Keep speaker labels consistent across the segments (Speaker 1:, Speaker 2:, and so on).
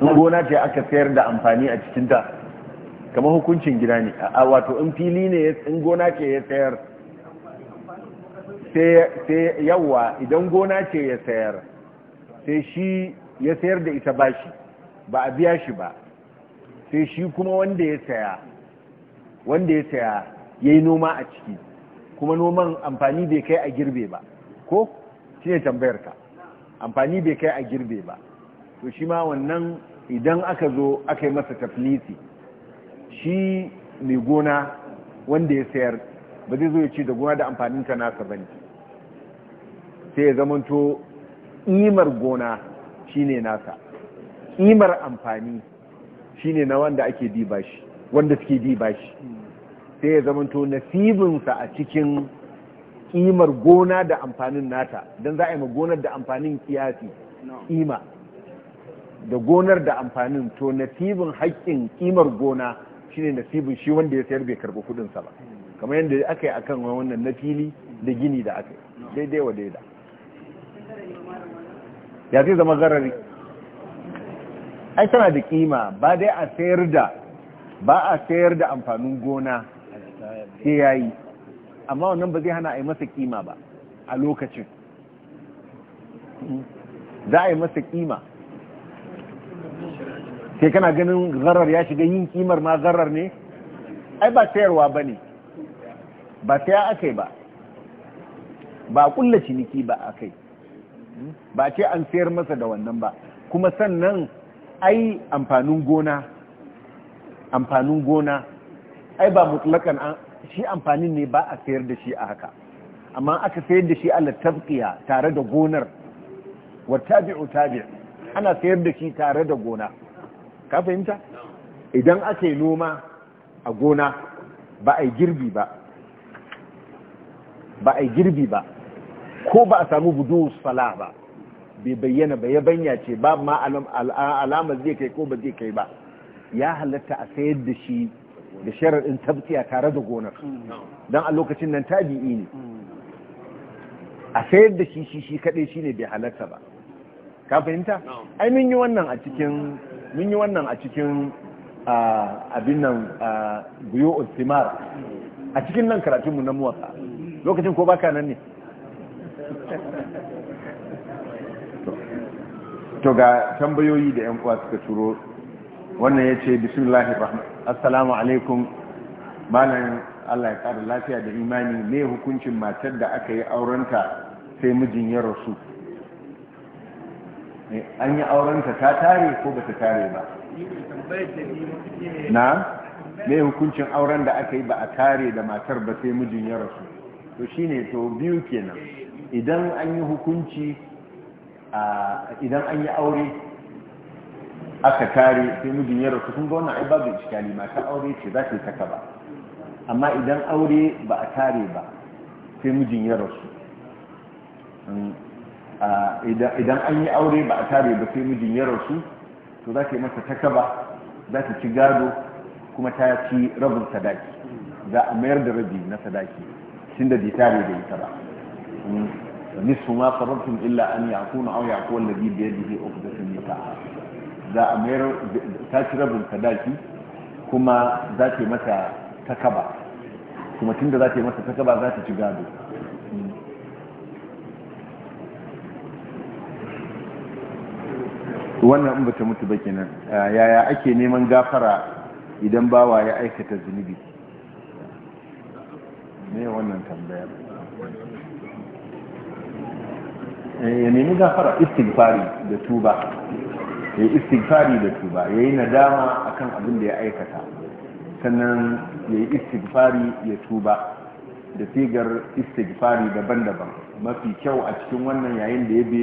Speaker 1: in gona ce aka sayar da amfani a cikinta kamar hukuncin gida ne a wato in fili ne in gona ce ya sayar sai yawa idan gona ce ya sayar sai shi ya sayar da ita bashi ba a biya shi ba sai shi kuma wanda ya saya wanda ya saya ya yi noma a ciki kuma noman amfani bai kai a girbe ba ko shi ne tambayarka amfani bai kai a girbe ba to shi ma wannan idan aka zo aka yi masa taflisi shi mai gona wanda ya sayar ba zai zo ya ce da gona da amfanin ta nasa ba ne sai ya zamanto imar gona shine nasa imar amfani shine na wanda ake diba shi wanda suke diba shi sai ya zamanto nasibinsa a cikin imar gona da amfanin nata don za a yi ma gonar da amfanin kiyasi ima da gonar da amfanin to nasibin haƙƙin kimar gona shine nasibin shi wanda ya sayar bai karɓi kuɗinsa ba kamar yadda aka yi kan wannan na fili da gini da aka yi daidai wa daida ya zai zama garari ai tana da kima ba dai a sayar da ba a sayar da amfanin gona sai yayi amma wannan ba zai hana a yi masa kima ba a lokacin hmm. za a yi masa kima sai kana ganin zarar ya shiga yin kimar ma zarar ne ai ba sayarwa ba ne ba saya aka ba ba kulla ciniki ba akai ba ce an sayar masa da wannan ba kuma sannan ai amfanin gona amfanin gona ai ba mutlakan shi amfanin ne ba a sayar da shi a haka amma aka sayar da shi ala tabqiya tare da gonar wa tabi'u tabi' ana sayar da shi tare da gona ka fahimta idan aka yi noma a gona ba a girbi ba ba a girbi ba ko ba a samu budu sala ba bai bayyana ba ya banya ce ba ma alama zai kai ko ba zai kai ba ya halatta a sayar da shi da sharaɗin tabbiya tare da gonar don a lokacin nan tabi'i ne a sayar da shi shi shi kaɗai shi ne bai halatta ba ka fahimta? ai mun yi wannan a cikin mun yi wannan a cikin abin nan guyo ultimar a cikin nan karatunmu na muwaka lokacin ko baka nan ne to ga tambayoyi da yan uwa suka turo wannan ya ce bismillah assalamu alaikum malam Allah ya kada lafiya da imani ne hukuncin matar da aka yi aurenta sai mijin ya rasu an yi aurenta ta tare ko ba ta tare ba na mai hukuncin auren da aka yi ba a tare da matar ba sai mijin ya rasu to shine to biyu kenan idan an yi hukunci idan an yi aure aka tare sai mijin ya rasu kun ga wannan ai babu iskali mata aure ce za ta saka ba amma idan aure ba a tare ba sai mijin ya rasu hmm. idan an yi aure ba a tare ba sai mijin ya rasu to za ka yi masa takaba za ta ci gado kuma ta ci rabin sadaki za a mayar da rabi na sadaki tun da bai tare da ita ba nisfu ma farafin illa an yakuna aw yaqul ladhi bi yadihi uqdatun nikah za a mayar ta ci rabin sadaki kuma za ta yi masa takaba kuma tun da za ta yi masa takaba za ta ci gado wannan in bata mutu ba kenan ah, yaya ake neman gafara idan bawa ya aikata zunubi ne wannan tambaya eh, ya nemi gafara istighfari da tuba ya yi istighfari da tuba ya yi nadama akan abin da ya aikata sannan ya yi istighfari ya tuba da figar istighfari daban-daban mafi kyau a cikin wannan yayin da ya bi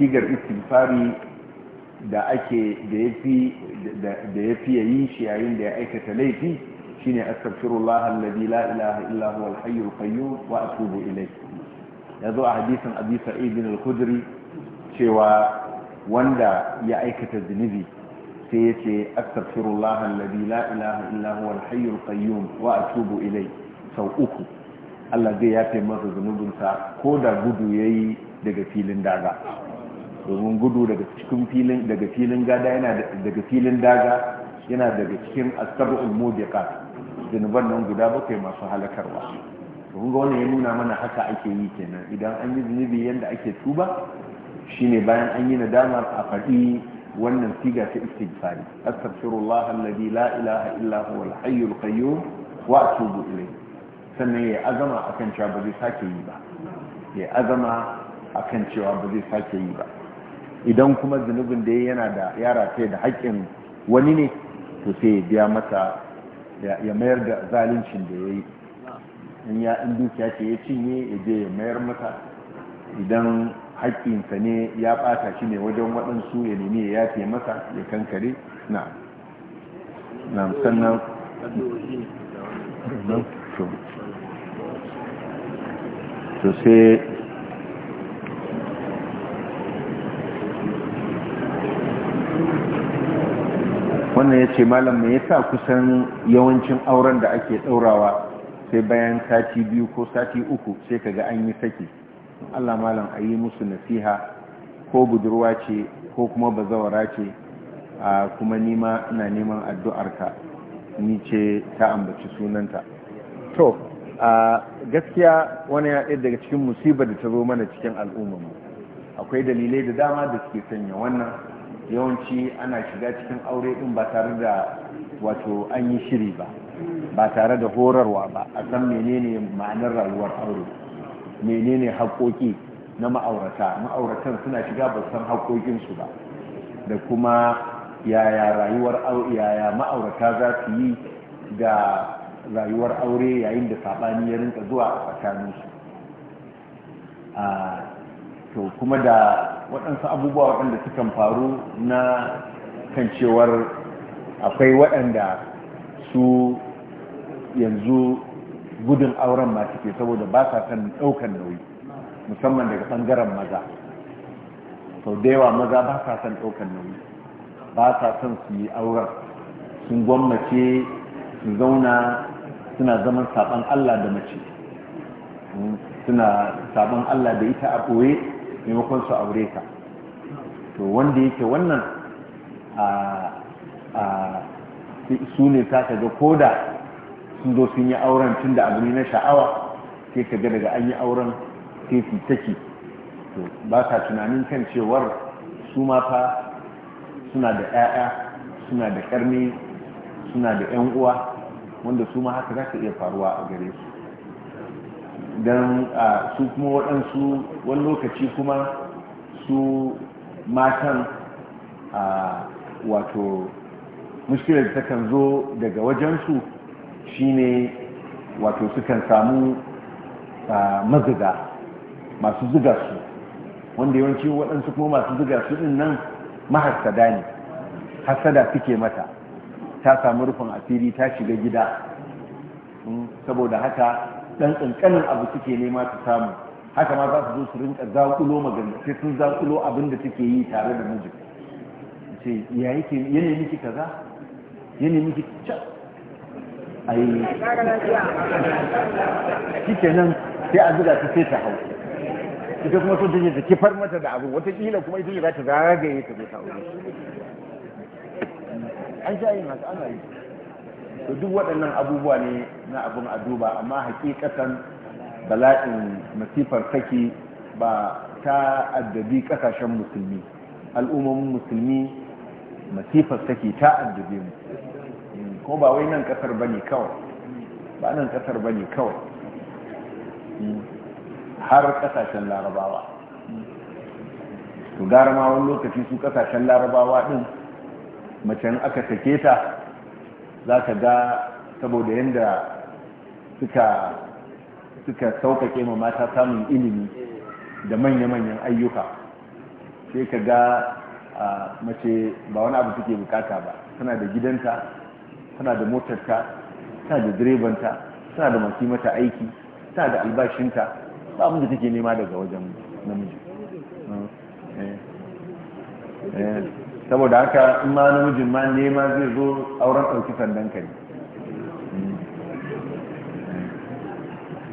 Speaker 1: figar istighfari da ake da ya fi yi shi yayin da ya aikata laifi shine astaghfirullah alladhi la ilaha illa huwa al-hayyul qayyum wa atubu ilayh yazo a hadisin abi sa'id al-khudri cewa wanda ya aikata zunubi sai yace astaghfirullah alladhi la ilaha illa huwa al-hayyul qayyum wa atubu ilayh sau uku Allah zai yafe masa zunubinsa ko da gudu yayi daga filin daga domin gudu daga cikin filin daga filin gada yana daga filin daga yana daga cikin asabul mudiqa zunuban nan guda bakwai masu halakarwa kun ga wannan ya nuna mana haka ake yi kenan idan an yi zunubi yanda ake tuba shine bayan an yi nadama a faɗi wannan siga ta istighfari astaghfirullah alladhi la ilaha illa huwa al-hayyul qayyum wa atubu ilayh sannan ya azama akan cewa ba zai sake yi ba ya azama akan cewa ba zai sake yi ba idan kuma zunubin da yana da yara ce da haƙƙin wani ne to sai ya biya masa ya mayar da zaluncin da ya yi in ya in dukiya ce ya cinye ya je ya mayar masa idan haƙƙinsa ne ya ɓata shi ne wajen waɗansu ya nemi ya yafe masa ya kankare na na sannan to sai wannan ya ce malam me yasa kusan yawancin auren da ake ɗaurawa sai bayan sati biyu ko sati uku sai ka ga an yi saki Allah malam a yi musu nasiha ko budurwa ce ko kuma bazawara ce a kuma nima na neman addu'arka ni ce ta ambaci sunanta to a gaskiya wani ya ɗaya daga cikin musibar da ta zo mana cikin al'ummar mu akwai dalilai da dama da suke sanya wannan yawanci ana shiga cikin aure ɗin ba tare da wato an yi shiri ba ba tare da horarwa ba a san menene ma'anar rayuwar aure menene haƙoƙi na ma'aurata ma'auratan suna shiga ba san haƙoƙinsu ba da kuma yaya rayuwar yaya ma'aurata za su yi da rayuwar aure yayin da saɓani ya rinka zuwa a tsakaninsu ah, to kuma da waɗansu abubuwa waɗanda sukan faru na kan cewar akwai waɗanda su yanzu gudun auren ma suke saboda ba sa kan ɗaukar nauyi musamman daga ɓangaren maza sau da yawa maza ba sa son ɗaukar nauyi ba sa son su yi auren sun gwammace su zauna suna zaman sabon allah da mace hmm, suna saɓan allah da ita a ɓoye maimakon su aure ka to wanda yake wannan su ne ta ga koda sun zo sun yi auren tun da abu ne na sha'awa sai ka ga daga an yi auren sai su take to ba ka tunanin kan cewar su ma fa suna da 'ya'ya suna da ƙarni suna da 'yan uwa wanda su ma haka za ka iya faruwa a gare su don su kuma waɗansu wani lokaci kuma su matan wato muskilar da kan zo daga wajensu shine wato sukan samu mazuga masu zuga su wanda yawanci waɗansu kuma masu zuga su ɗin nan mahasada ne hasada suke mata ta samu rufin asiri ta shiga gida hmm, saboda haka dan kankanin abu suke nema su samu haka ma za su zo su rinka zakulo magana sai sun zakulo abin da suke yi tare da mijin ce ya yake ya miki kaza yana miki ki ai kike nan sai a zuga ta sai ta hau ita kuma sun take ta kifar mata da abu wata kila kuma ita ce za ta zagaye ta zai ta aure an sha yin haka ana yi to duk waɗannan abubuwa ne na abin a duba amma hakikatan bala'in masifar saki ba ta addabi ƙasashen musulmi al'ummomin musulmi masifar take ta addabi mu ko ba wai nan ƙasar ba ne kawai ba nan ƙasar ba ne kawai har ƙasashen larabawa to gara ma wani lokaci su ƙasashen larabawa ɗin macen aka take ta za ka ga saboda yadda suka suka sauƙaƙe ma mata samun ilimi da manya-manyan ayyuka sai ka ga a mace ba wani abu suke bukata ba tana da gidanta tana da motarta tana da direbanta tana da masu mata aiki tana da albashinta ba abin da take nema daga wajen namiji hmm. eh. Eh. saboda haka in ma namijin ma nema zai zo auren ɗauki sandan ka ne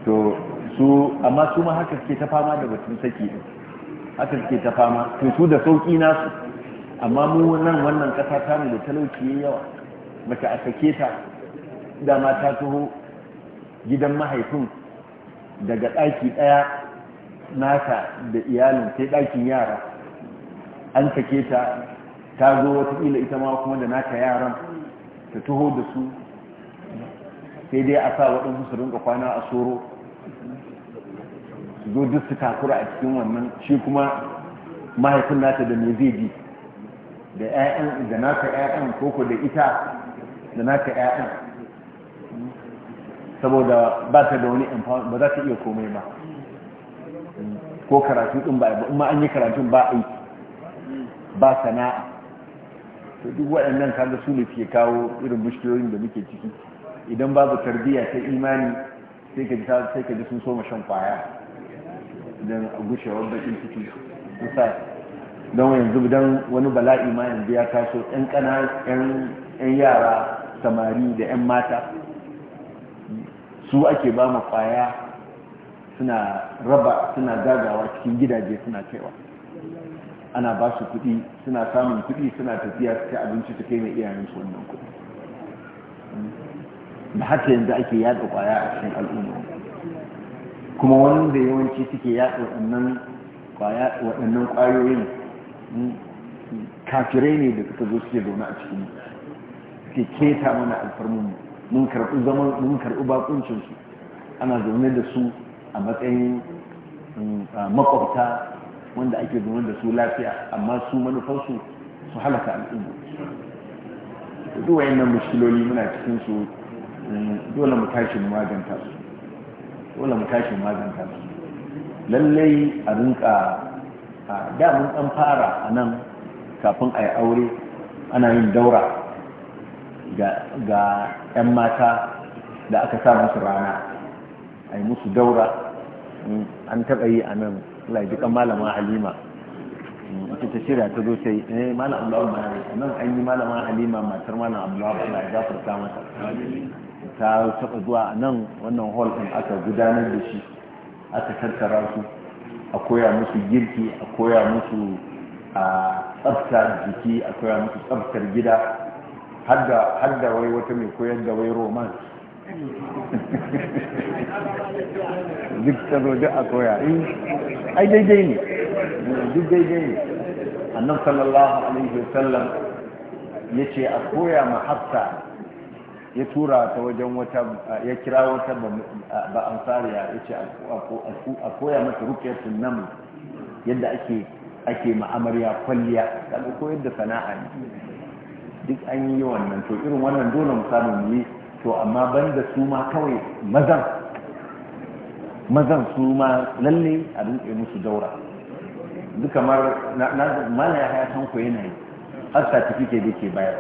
Speaker 1: to su amma su ma haka suke ta fama da batun saki haka suke ta fama to su da sauƙi nasu amma mu nan wannan ƙasa ta mu da talauci ya yawa mace a sake ta dama ta taho gidan mahaifin daga ɗaki ɗaya naka da iyalin sai ɗakin yara an sake ta ta zo watakila ita ma kuma da naka yaran ta taho da su sai dai a sa waɗansu su rinka kwana a soro su zo duk su takura a cikin wannan shi kuma mahaifin nata da me zai bi da ƴaƴan da naka ƴaƴan koko da ita da naka ƴaƴan saboda ba ta da wani ba za ta iya komai ba ko karatu din ba in ma an yi karatun ba aiki ba sana'a to duk waɗannan kaga su ne ke kawo irin mushkiyoyin da muke ciki idan babu tarbiyya ta imani sai ka ji sai ka ji sun soma shan kwaya dan gushewar bakin ciki kusa don yanzu dan wani bala'i ma yanzu ya taso yan kana yan yara samari da yan mata su ake ba mu kwaya suna raba suna gagawa cikin gidaje suna kaiwa ana ba su kuɗi suna samun kuɗi suna tafiya su abinci su kai mai iyayen su wannan kuɗi da haka yanzu ake yada ƙwaya a cikin al'umma kuma wanda yawanci suke yada waɗannan waɗannan ƙwayoyin hmm, kafirai ne da suka zo suke zaune a cikin suke keta mana alfarmun mun karɓi zaman mun karɓi bakuncin ana zaune da su a matsayin hmm, makwabta wanda ake zaman da su lafiya amma su manufansu su halaka al'umma duk wayannan mushkiloli muna cikin su eh, dole mu tashi mu maganta su dole mu tashi mu maganta su lallai a rinka a damun an fara a nan kafin a yi aure ana yin daura ga 'yan mata da aka sa musu rana a yi musu daura an taɓa yi a nan laifikan malama halima mm, ita ta shirya ta zo ta yi eh malam abdullahi ba nan an yi malama halima matar malam abdullahi ba ya mata ta taɓa zuwa a nan wannan hall ɗin aka gudanar da shi aka tattara su a koya musu girki a koya musu a tsaftar jiki a koya musu tsaftar gida har wai wata mai koyar da wai romance duk ta zo duk a koya eh, ai daidai ne duk daidai ne annan sallallahu alaihi wasallam ya ce a koya ma hafsa ya tura ta wajen wata ya kira wata ba ansariya ya ce a koya mata rukiyar sunan yadda ake ake ma'amariya kwalliya da koyar da sana'a ne duk an yi wannan to irin wannan dole mu samu yi to amma banda su ma kawai mazan mazan su ma lalle a rinke musu daura duk kamar mana ya haya tanko yana yi har certificate da ke bayar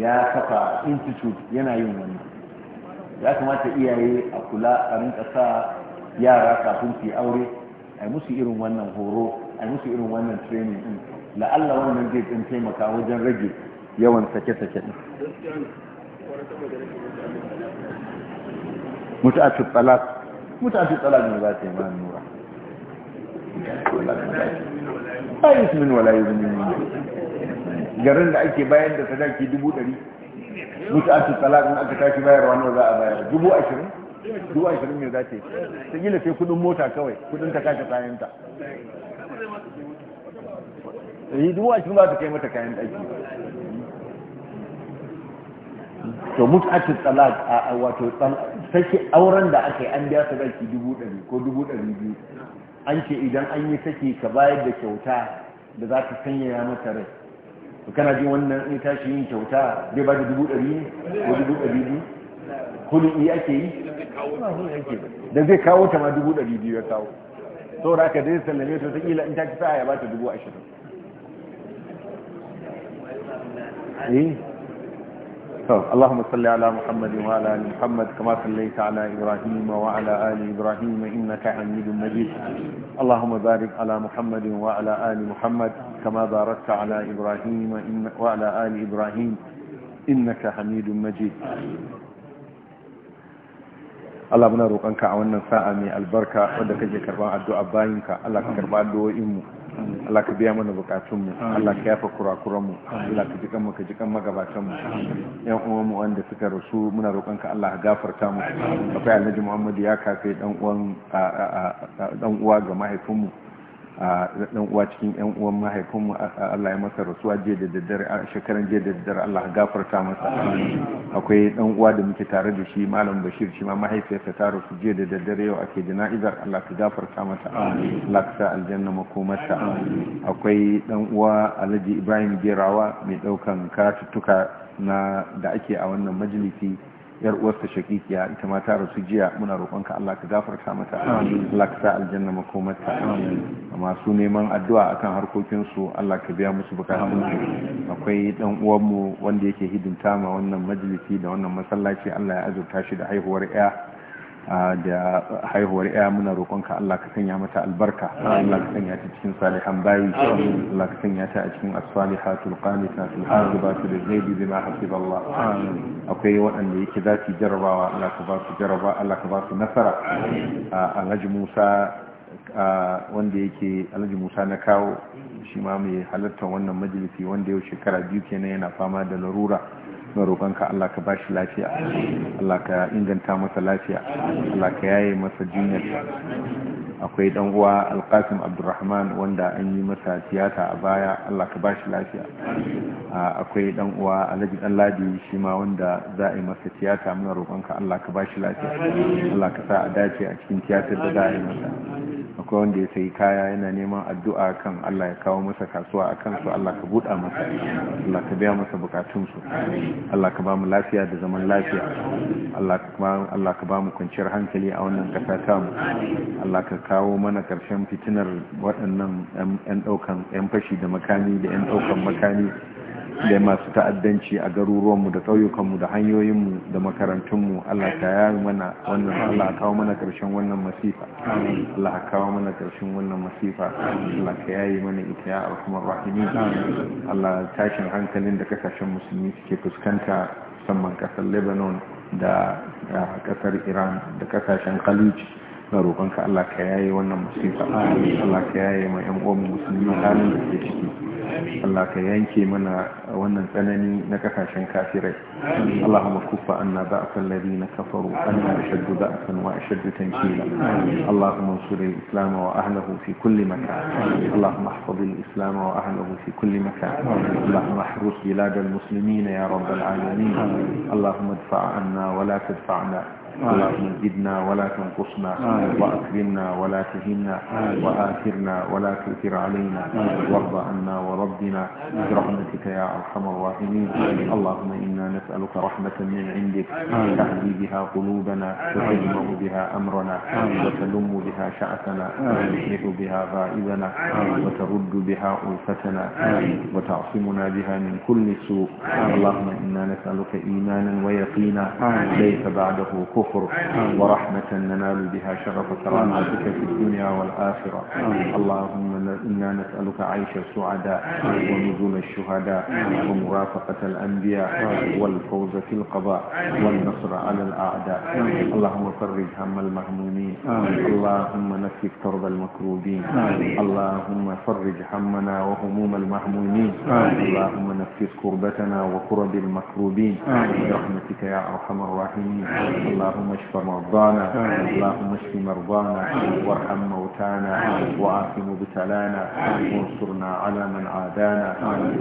Speaker 1: ya kafa institute yana yin wani ya kamata iyaye a kula a rinka sa yara kafin su yi aure a musu irin wannan horo a musu irin wannan training din la'alla wannan zai ɗin taimaka wajen rage yawan sake-sake din mutu a ta tsala za متعفي nura. نبات إيمان min wala يسمن ولا yi. garin da ake bayan da sadaki dubu ɗari muta'ati tsala ne aka tashi bayarwa nawa za a bayar dubu ashirin dubu ashirin ne za ta yi ta gila sai kudin mota kawai kudin ta kashe kayanta yi eh, dubu ashirin za ta kai mata kayan ɗaki to mut'atu talaq a wato sake auren da aka yi an biya su zaki dubu ɗari ko dubu ɗari biyu an ce idan an yi sake ka bayar da kyauta da za ta sanyaya mata rai to kana jin wannan in tashi yin kyauta zai ba da dubu ɗari ne ko dubu ɗari biyu hulɗi ake yi da zai kawo ta ma dubu ɗari biyu ya kawo da aka zai sallame ta wataƙila in ta ci sa'a ya ba ta dubu ashirin eh? اللهم صل على محمد وعلى ال محمد كما صليت على ابراهيم وعلى ال ابراهيم انك حميد مجيد اللهم بارك على محمد وعلى ال محمد كما باركت على ابراهيم إن وعلى ال ابراهيم انك حميد مجيد Allah muna roƙonka a wannan sa'a mai albarka wadda kake karɓar addu'a bayinka Allah ka karɓa addu'o'inmu Allah ka biya mana bukatunmu Allah ka yafa kurakuranmu Allah ka jikan mu ka jikan magabatanmu yan uwan mu wanda suka rasu muna roƙon ka Allah ka gafarta mu akwai Alhaji Muhammad ya kafe dan uwan dan uwa ga mahaifinmu dan uwa cikin yan uwan mahaifinmu Allah ya masa rasuwa jiya da daddare a shekaran jiya da daddare Allah gafarta masa akwai dan uwa da muke tare da shi malam Bashir shi ma mahaifiyarsa ta rasu jiya da daddare yau ake jana'izar Allah ka gafarta masa Allah ka sa aljanna makomarsa akwai ɗan uwa Alhaji Ibrahim Gerawa mai daukan karatuttuka na da ake a wannan majalisi yar uwarsa shakikiya ita ma ta rasu jiya muna roƙonka Allah ka gafarta mata Allah ka sa aljanna makomarta su neman addu'a akan harkokin su Allah ka biya musu bukatun akwai dan uwan mu wanda yake hidimta ma wannan majalisi da wannan masallaci Allah ya azurta shi da haihuwar ya da haihuwar ya muna roƙonka Allah ka sanya mata albarka Allah ka sanya ta cikin salihan bayi Allah ka sanya ta a cikin as-salihatul qanitatul hazibatu lil-ghaibi bima hasiba Allah akwai waɗanda yake za su jarabawa Allah ka ba su jaraba Allah ka ba su nasara Alhaji Musa wanda yake alhaji musa na kawo shi ma mai halarta wannan majalisi wanda yau shekara biyu kenan yana fama da larura na roƙonka Allah ka ba shi lafiya Allah ka inganta masa lafiya Allah ka yaye masa jinyar akwai dan uwa alqasim abdurrahman wanda an yi masa tiyata a baya Allah ka ba shi lafiya akwai dan uwa alhaji ɗanladi shi ma wanda za a yi masa tiyata muna roƙonka Allah ka ba shi lafiya Allah ka sa a dace a cikin tiyatar da za a yi masa akwai wanda ya sayi kaya yana neman addu'a kan Allah ya kawo masa kasuwa a kansu Allah ka buɗa masa Allah ka biya masa bukatunsu Allah ka ba mu lafiya da zaman lafiya Allah ka ba mu kwanciyar hankali a wannan ƙasa tamu Allah ka kawo mana ƙarshen fitinar waɗannan 'yan ɗaukan 'yan fashi da makami da 'yan ɗaukan makami da masu ta'addanci a garuruwanmu da ƙauyukanmu da hanyoyinmu da makarantunmu Allah ka yi mana wannan Allah kawo mana ƙarshen wannan masifa Allah kawo mana ƙarshen wannan masifa Allah ka yayi mana ita ya arhamar rahimin Allah tashin hankalin da kasashen musulmi suke fuskanta musamman ƙasar Lebanon da ƙasar Iran da ƙasashen Khalij na roƙonka Allah ka yaye wannan musifa Allah ka yaye ma ƴan uwan musulmi halin da ke ciki Allah ka yanke mana wannan tsanani na kasashen kafirai Allahumma kuffa anna ba'sa na kafaru anna ashaddu ba'san wa ashaddu tankila Allahumma ansur al-islam wa ahlihi fi kulli makan Allahumma ihfaz al-islam wa ahlihi fi kulli makan Allahumma ahrus bilad al-muslimin ya rabb al-alamin Allahumma idfa' anna wa la tadfa'na اللهم زدنا ولا تنقصنا واكرمنا ولا تهنا واثرنا ولا تؤثر علينا وارض عنا وربنا برحمتك يا ارحم الراحمين اللهم انا نسالك رحمه من عندك تهدي بها قلوبنا وتجمع بها امرنا وتلم بها شعثنا وتصلح بها غائبنا وترد بها الفتنا وتعصمنا بها من كل سوء اللهم انا نسالك ايمانا ويقينا ليس بعده كفر والقرب ورحمة ننال بها شرف كرامتك في الدنيا والآخرة اللهم إنا نسألك عيش السعداء ونزول الشهداء ومرافقة الأنبياء والفوز في القضاء والنصر على الأعداء اللهم فرج هم المهمومين اللهم نفك كرب المكروبين اللهم فرج همنا وهموم المهمومين اللهم نفس كربتنا وكرب المكروبين برحمتك يا أرحم الراحمين اللهم اشف مرضانا اللهم اشف مرضانا وارحم موتانا وعاف مبتلانا مولانا وانصرنا على من عادانا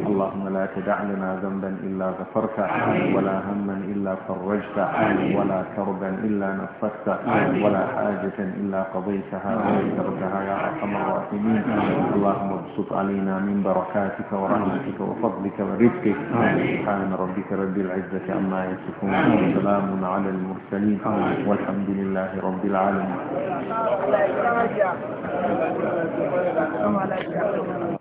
Speaker 1: اللهم لا تدع لنا ذنبا إلا غفرته ولا هما إلا فرجته ولا كربا إلا نفسته ولا حاجة إلا قضيتها ويسرتها يا أرحم الراحمين اللهم ابسط علينا من بركاتك ورحمتك وفضلك ورزقك سبحان ربك رب العزة عما يصفون وسلام على المرسلين والحمد لله رب العالمين zama lafiya.